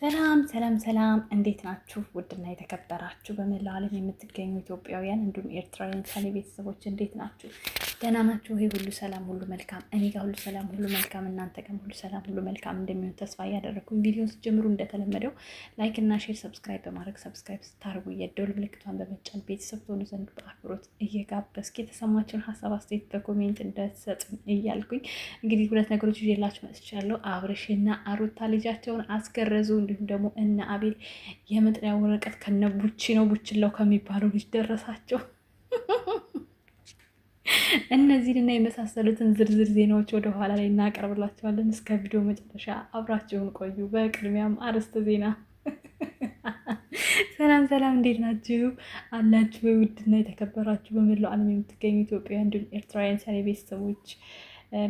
ሰላም ሰላም ሰላም፣ እንዴት ናችሁ? ውድና የተከበራችሁ በመላው ዓለም የምትገኙ ኢትዮጵያውያን እንዲሁም ኤርትራውያን ሳሌ ቤተሰቦች እንዴት ናችሁ? ደህና ናችሁ? ይሄ ሁሉ ሰላም ሁሉ መልካም፣ እኔ ጋር ሁሉ ሰላም ሁሉ መልካም፣ እናንተ ጋር ሁሉ ሰላም ሁሉ መልካም እንደሚሆን ተስፋ እያደረግኩኝ ቪዲዮን ስጀምሩ እንደተለመደው ላይክ እና ሼር፣ ሰብስክራይብ በማድረግ ሰብስክራይብ ስታርጉ የደውል ምልክቷን በመጫን ቤተሰብ ሆኑ ዘንድ በአክብሮት እየጋበዝኩ የተሰማችሁን ሀሳብ አስተያየት በኮሜንት እንደሰጡኝ እያልኩኝ እንግዲህ ሁለት ነገሮች ይዤላችሁ መጥቻለሁ። አብርሽና አሩታ ልጃቸውን አስገረዙ፣ እንዲሁም ደግሞ እነ አቤል የመጥሪያ ወረቀት ከነ ቡቺ ነው ቡችላው ከሚባለው ልጅ ደረሳቸው። እነዚህን እና የመሳሰሉትን ዝርዝር ዜናዎች ወደ ኋላ ላይ እናቀርብላቸዋለን። እስከ ቪዲዮ መጨረሻ አብራችሁን ቆዩ። በቅድሚያም አርዕስተ ዜና ሰላም ሰላም፣ እንዴት ናችሁ አላችሁ? ውድና የተከበራችሁ በመላው ዓለም የምትገኙ ኢትዮጵያ እንዲሁም ኤርትራውያን ሰኔ ቤተሰቦች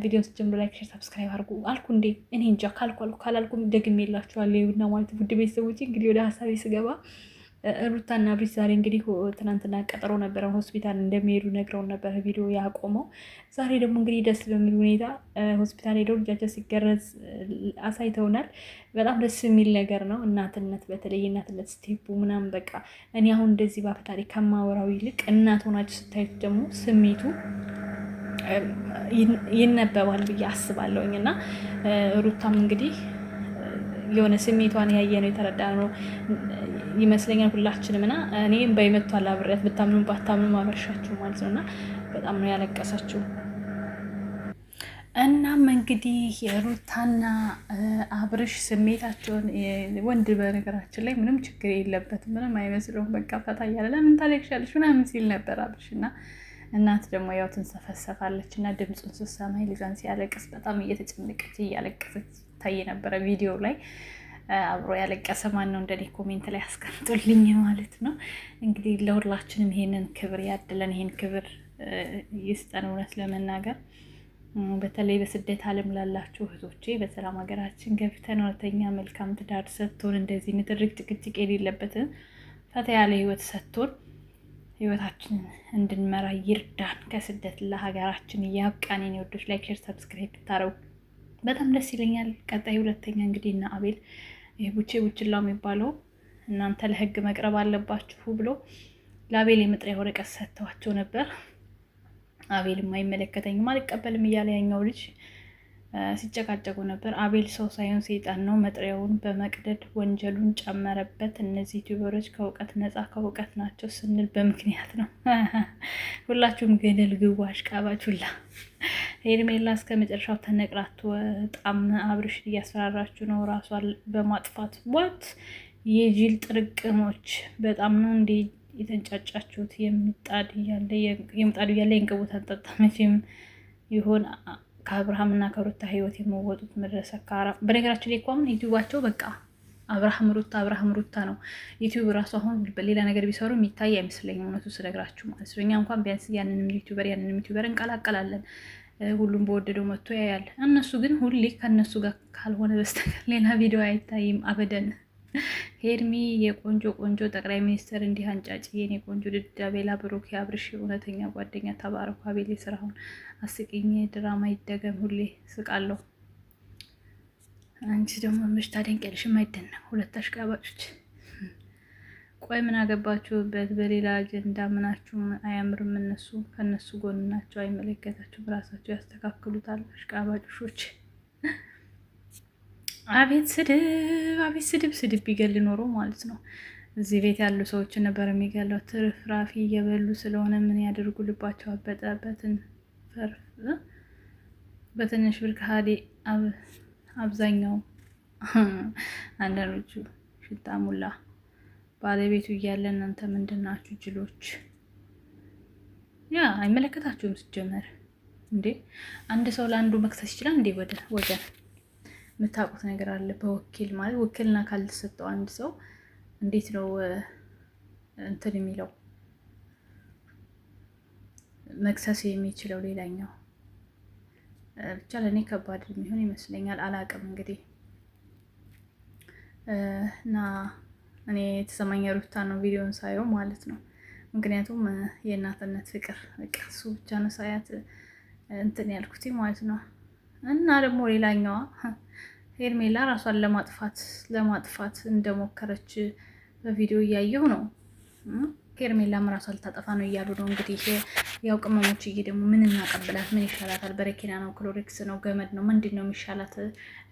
ቪዲዮ ጀምሮ ላይክ፣ ሼር፣ ሰብስክራይብ አድርጉ አልኩ እንዴ እኔ እንጃ ካልኩ አልኩ ካላልኩም ደግሜ የላችኋል። ይኸውና ማለት ውድ ቤተሰቦች እንግዲህ ወደ ሀሳቤ ስገባ ሩታና ብሪስ ዛሬ እንግዲህ ትናንትና ቀጠሮ ነበረ ሆስፒታል እንደሚሄዱ ነግረውን ነበር ቪዲዮ ያቆመው። ዛሬ ደግሞ እንግዲህ ደስ በሚል ሁኔታ ሆስፒታል ሄደው ልጃቸው ሲገረዝ አሳይተውናል። በጣም ደስ የሚል ነገር ነው። እናትነት በተለይ እናትነት ስቴፑ ምናምን በቃ እኔ አሁን እንደዚህ ባፍ ታሪክ ከማወራው ይልቅ እናት ሆናችሁ ስታዩት ደግሞ ስሜቱ ይነበባል ብዬ አስባለሁኝ እና ሩታም እንግዲህ የሆነ ስሜቷን ያየ ነው የተረዳ ነው ይመስለኛል ሁላችንም። እና እኔም በይመቷል አብሬያት ብታምኑ ባታምኑ አበርሻችሁ ማለት ነው እና በጣም ነው ያለቀሰችው። እናም እንግዲህ የሩታና አብርሽ ስሜታቸውን ወንድ በነገራችን ላይ ምንም ችግር የለበትም፣ ምንም አይመስለውም። በቃ ፈታ እያለ ለምን ታለቅሻለሽ ምናምን ሲል ነበር አብርሽ እና እናት ደግሞ ያው ትንሰፈሰፋለች እና ድምፁን ስሰማ ልጇን ሲያለቅስ በጣም እየተጨነቀች እያለቀሰች ታይ ነበረ ቪዲዮ ላይ አብሮ ያለቀሰ ማን ነው እንደኔ ኮሜንት ላይ አስቀምጡልኝ ማለት ነው። እንግዲህ ለሁላችንም ይሄንን ክብር ያድለን፣ ይሄን ክብር ይስጠን። እውነት ለመናገር በተለይ በስደት ዓለም ላላችሁ እህቶቼ በሰላም ሀገራችን ገብተን እውነተኛ መልካም ትዳር ሰጥቶን እንደዚህ ንትርክ ጭቅጭቅ የሌለበትን ፈታ ያለ ህይወት ሰጥቶን ህይወታችን እንድንመራ ይርዳን። ከስደት ለሀገራችን ያብቃን። የኔ ወዶች ላይክ፣ ሼር፣ ሰብስክራይብ ታረጉ በጣም ደስ ይለኛል። ቀጣይ ሁለተኛ እንግዲህ እና አቤል ቡቼ ቡችላው የሚባለው እናንተ ለህግ መቅረብ አለባችሁ ብሎ ለአቤል የመጥሪያ ወረቀት ሰጥተዋቸው ነበር። አቤልም አይመለከተኝም አልቀበልም እያለ ያኛው ልጅ ሲጨቃጨቁ ነበር። አቤል ሰው ሳይሆን ሰይጣን ነው፣ መጥሪያውን በመቅደድ ወንጀሉን ጨመረበት። እነዚህ ዩቲዩበሮች ከእውቀት ነፃ ከእውቀት ናቸው ስንል በምክንያት ነው። ሁላችሁም ገደል ግቡ አሽቃባች ሁላ። ሄርሜላ እስከ መጨረሻው ተነቅራ አትወጣም። አብርሽ እያስፈራራችሁ ነው ራሷን በማጥፋት ዋት የጅል ጥርቅሞች በጣም ነው እንዴ የተንጫጫችሁት? የምጣዱ እያለ የእንቅቡ ተንጠጣ መቼም ይሆን ከአብርሃም እና ከሩታ ህይወት የመወጡት መድረሰ ከአራ በነገራችን ላይ እኮ አሁን ዩቲዩባቸው በቃ አብርሃም ሩታ አብርሃም ሩታ ነው። ዩቲዩብ ራሱ አሁን ሌላ ነገር ቢሰሩ የሚታይ አይመስለኝም፣ እውነቱ ስነግራችሁ ማለት ነው። እኛ እንኳን ቢያንስ ያንንም ዩቲዩበር ያንንም ዩቲዩበር እንቀላቀላለን፣ ሁሉም በወደደው መጥቶ ያያል። እነሱ ግን ሁሌ ከእነሱ ጋር ካልሆነ በስተቀር ሌላ ቪዲዮ አይታይም አበደን። ሄርሚ የቆንጆ ቆንጆ ጠቅላይ ሚኒስትር እንዲህ አንጫጭ የኔ ቆንጆ ድዳ ቤላ ብሩክ አብርሽ እውነተኛ ጓደኛ ተባረኩ። አቤሌ ስራሁን አስቂኝ ድራማ ይደገም። ሁሌ ስቃለሁ። አንቺ ደግሞ ምሽታ ደንቀልሽ የማይደነቅ ሁለት አሽቃባጮች። ቆይ ምን አገባችሁበት? በሌላ አጀንዳ ምናችሁም አያምርም። እነሱ ከነሱ ጎን ናቸው፣ አይመለከታችሁም። ራሳቸው ያስተካክሉታል። አሽቃባጮሾች አቤት ስድብ አቤት ስድብ ስድብ ቢገል ኖሮ ማለት ነው እዚህ ቤት ያሉ ሰዎችን ነበር የሚገለው። ትርፍራፊ እየበሉ ስለሆነ ምን ያደርጉ ልባቸው አበጠ። በትንሽ ብር ከሃዲ አብዛኛው አንዳንዶቹ ሽታ ሙላ ባለቤቱ እያለ እናንተ ምንድን ናችሁ ጅሎች? ያ አይመለከታችሁም። ስጀመር እንዴ አንድ ሰው ለአንዱ መክሰስ ይችላል እንዴ? ወገን የምታውቁት ነገር አለ። በወኪል ማለት ውክልና ካልተሰጠው አንድ ሰው እንዴት ነው እንትን የሚለው መክሰስ የሚችለው ሌላኛው? ብቻ ለእኔ ከባድ የሚሆን ይመስለኛል። አላቅም እንግዲህ እና እኔ የተሰማኝ ሩታ ነው ቪዲዮን ሳየው ማለት ነው። ምክንያቱም የእናትነት ፍቅር በቃ እሱ ብቻ ነው ሳያት እንትን ያልኩት ማለት ነው። እና ደግሞ ሌላኛዋ ሄርሜላ ራሷን ለማጥፋት ለማጥፋት እንደሞከረች በቪዲዮ እያየሁ ነው። ሄርሜላም ራሷን ልታጠፋ ነው እያሉ ነው እንግዲህ ያው ቅመሞች እዬ ደግሞ ምን እናቀብላት? ምን ይሻላታል? በረኪና ነው? ክሎሪክስ ነው? ገመድ ነው? ምንድን ነው የሚሻላት?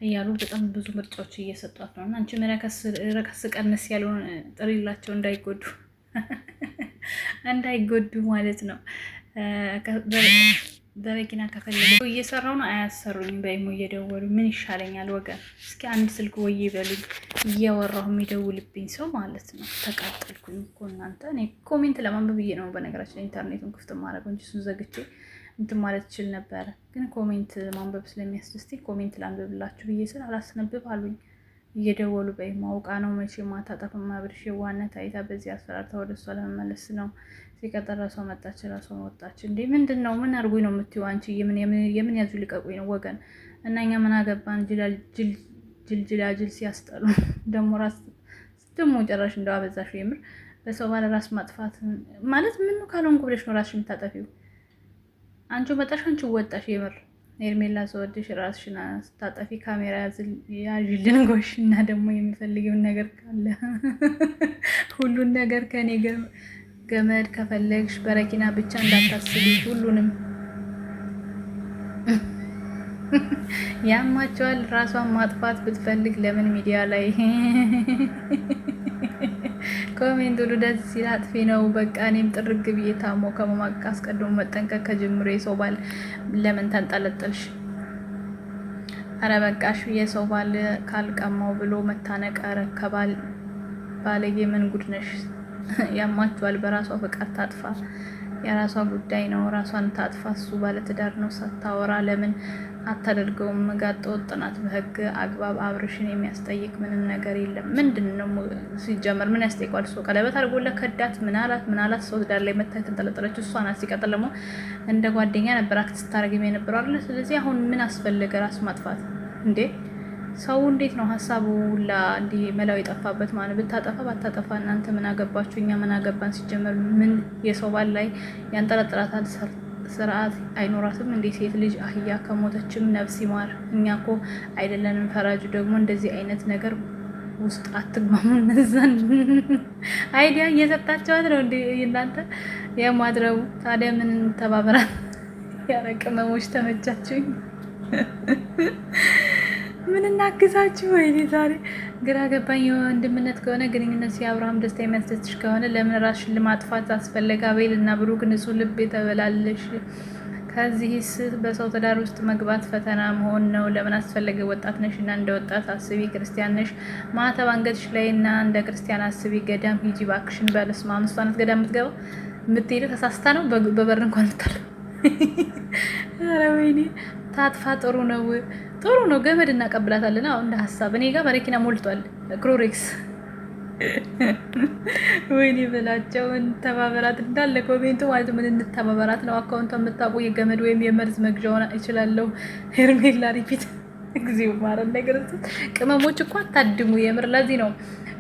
እያሉ በጣም ብዙ ምርጫዎች እየሰጧት ነው። እና አንቺ ረከስ ቀንስ ያለውን ጥሪላቸው እንዳይጎዱ እንዳይጎዱ ማለት ነው። በመኪና ከፈለገ እየሰራው ነው። አያሰሩኝም። በይሞ እየደወሉ ምን ይሻለኛል ወገን? እስኪ አንድ ስልክ ወይ በሉ እያወራሁ የሚደውልብኝ ሰው ማለት ነው። ተቃጠልኩኝ እኮ እናንተ። እኔ ኮሜንት ለማንበብ ብዬ ነው በነገራችን ላይ ኢንተርኔቱን ክፍት ማድረገው እንጂ እሱን ዘግቼ እንትን ማለት ይችል ነበረ። ግን ኮሜንት ማንበብ ስለሚያስደስት ኮሜንት ላንበብላችሁ ብዬ ስል አላስነብብ አሉኝ። እየደወሉ በይማ አውቃ ነው መቼ ማታጠፍም ማብርሽ ዋነት አይታ በዚህ አስፈራርታ ወደ እሷ ለመመለስ ነው። ሲቀጠር ራሷ መጣች፣ ራሷ ወጣች። እንዴ ምንድን ነው? ምን አርጉኝ ነው የምትይው አንቺ? የምን ያዙ ልቀቁኝ ነው ወገን? እና እኛ ምን አገባን? ጅልጅላጅል ሲያስጠሉ ደግሞ ራስ ደግሞ ጨራሽ እንደው አበዛሽ። የምር በሰው ባለ ራስ ማጥፋት ማለት ምኑ ካልሆንኩ ብለሽ ነው ራስሽ የምታጠፊው? አንቺ መጣሽ፣ አንቺ ወጣሽ። የምር ሄርሜላ ስወድሽ ራስሽን ስታጠፊ ካሜራ ያዥልን ጎሽ። እና ደግሞ የሚፈልግም ነገር ካለ ሁሉን ነገር ከኔ ገመድ ከፈለግሽ በረኪና ብቻ እንዳታስቢ። ሁሉንም ያማቸዋል። ራሷን ማጥፋት ብትፈልግ ለምን ሚዲያ ላይ ኮሜንት ሁሉ ደስ ሲል አጥፊ ነው። በቃ እኔም ጥርግ ብዬ ታሞ ከመማቀቅ አስቀድሞ መጠንቀቅ ከጀምሮ የሰው ባል ለምን ተንጠለጠልሽ? አረ በቃሽ የሰው ባል ካልቀማው ብሎ መታነቅ። አረ ከባል ባለጌ ምን ጉድ ያማችኋል። በራሷ ፈቃድ ታጥፋ የራሷ ጉዳይ ነው። ራሷን ታጥፋ፣ እሱ ባለትዳር ነው። ሳታወራ ለምን አታደርገውም? ጋጠ ወጥ ናት። በህግ አግባብ አብርሽን የሚያስጠይቅ ምንም ነገር የለም። ምንድን ነው ሲጀመር ምን ያስጠይቋል? እሱ ቀለበት አድርጎለት ከዳት። ምናላት ምናላት ሰው ትዳር ላይ መታ የተንጠለጠለች እሷ ናት። ሲቀጥል ደግሞ እንደ ጓደኛ ነበር አክት ስታደርግም የነበረው አለ። ስለዚህ አሁን ምን አስፈለገ ራስ ማጥፋት እንዴ? ሰው እንዴት ነው ሀሳቡ ሁላ እንዲህ መላው የጠፋበት ማለት ብታጠፋ ባታጠፋ እናንተ ምን አገባችሁ? እኛ ምን አገባን? ሲጀመር ምን የሰው ባል ላይ ያንጠለጥላታል? ስርዓት አይኖራትም እንዴ? ሴት ልጅ አህያ ከሞተችም ነፍስ ይማር። እኛ ኮ አይደለንም ፈራጁ። ደግሞ እንደዚህ አይነት ነገር ውስጥ አትግባሙ። እነዛን አይዲያ እየሰጣቸዋት ነው እንዴ እናንተ የማድረቡ። ታዲያ ምን ተባበራት? ያረቅመሞች ተመቻችኝ። ምን እናግዛችሁ? ወይኔ ዛሬ ግራ ገባኝ። የወንድምነት ከሆነ ግንኙነት የአብርሃም ደስታ የሚያስደስትሽ ከሆነ ለምን ራስሽን ለማጥፋት አስፈለገ? አቤል እና ብሩክ ንጹህ ልብ የተበላለሽ ከዚህስ በሰው ትዳር ውስጥ መግባት ፈተና መሆን ነው። ለምን አስፈለገ? ወጣት ነሽ እና እንደ ወጣት አስቢ። ክርስቲያን ነሽ፣ ማተብ አንገትሽ ላይ እና እንደ ክርስቲያን አስቢ። ገዳም ሂጂ እባክሽን። በስመ አብ ገዳም የምትገባ የምትሄደው ተሳስታ ነው። በበር እንኳን ታጥፋ ጥሩ ነው። ጥሩ ነው። ገመድ እናቀብላታለን። አሁ እንደ ሀሳብ እኔ ጋር በረኪና ሞልቷል። ክሮሬክስ ወይኔ በላቸው እንተባበራት እንዳለ ኮሜንቱ ማለት ምን እንተባበራት ነው። አካውንቷ የምታውቁ የገመድ ወይም የመርዝ መግዣ ይችላለሁ። ሄርሜላ ሪፒት እግዚኦ ማረ ነገር ቅመሞች እኮ አታድሙ። የምር ለዚህ ነው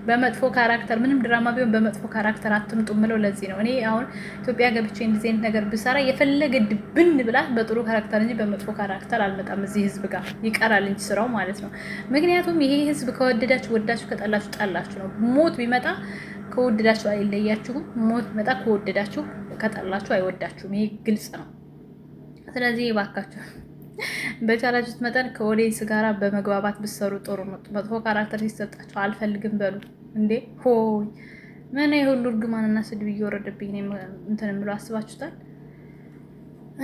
በመጥፎ ካራክተር ምንም ድራማ ቢሆን በመጥፎ ካራክተር አትምጡ ምለው ለዚህ ነው። እኔ አሁን ኢትዮጵያ ገብቼ እንደዚህ አይነት ነገር ብሰራ የፈለገ ድብን ብላ በጥሩ ካራክተር እንጂ በመጥፎ ካራክተር አልመጣም እዚህ ህዝብ ጋር ይቀራል እንጂ ስራው ማለት ነው። ምክንያቱም ይሄ ህዝብ ከወደዳችሁ ወዳችሁ፣ ከጠላችሁ ጠላችሁ ነው። ሞት ቢመጣ ከወደዳችሁ አይለያችሁም። ሞት ቢመጣ ከወደዳችሁ ከጠላችሁ አይወዳችሁም። ይሄ ግልጽ ነው። ስለዚህ እባካችሁ በቻላችሁት መጠን ከኦዲየንስ ጋራ በመግባባት ብሰሩ ጥሩ ነው። መጥፎ ካራክተር ሲሰጣቸው አልፈልግም በሉ እንዴ። ሆይ ምን የሁሉ እርግማንና ስድብ እየወረደብኝ እንትን የምለው አስባችሁታል?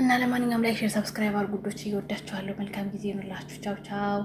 እና ለማንኛውም ላይክ፣ ሼር፣ ሰብስክራይብ አድርጉ ውዶች፣ እየወዳችኋለሁ። መልካም ጊዜ ይሁንላችሁ። ቻው ቻው።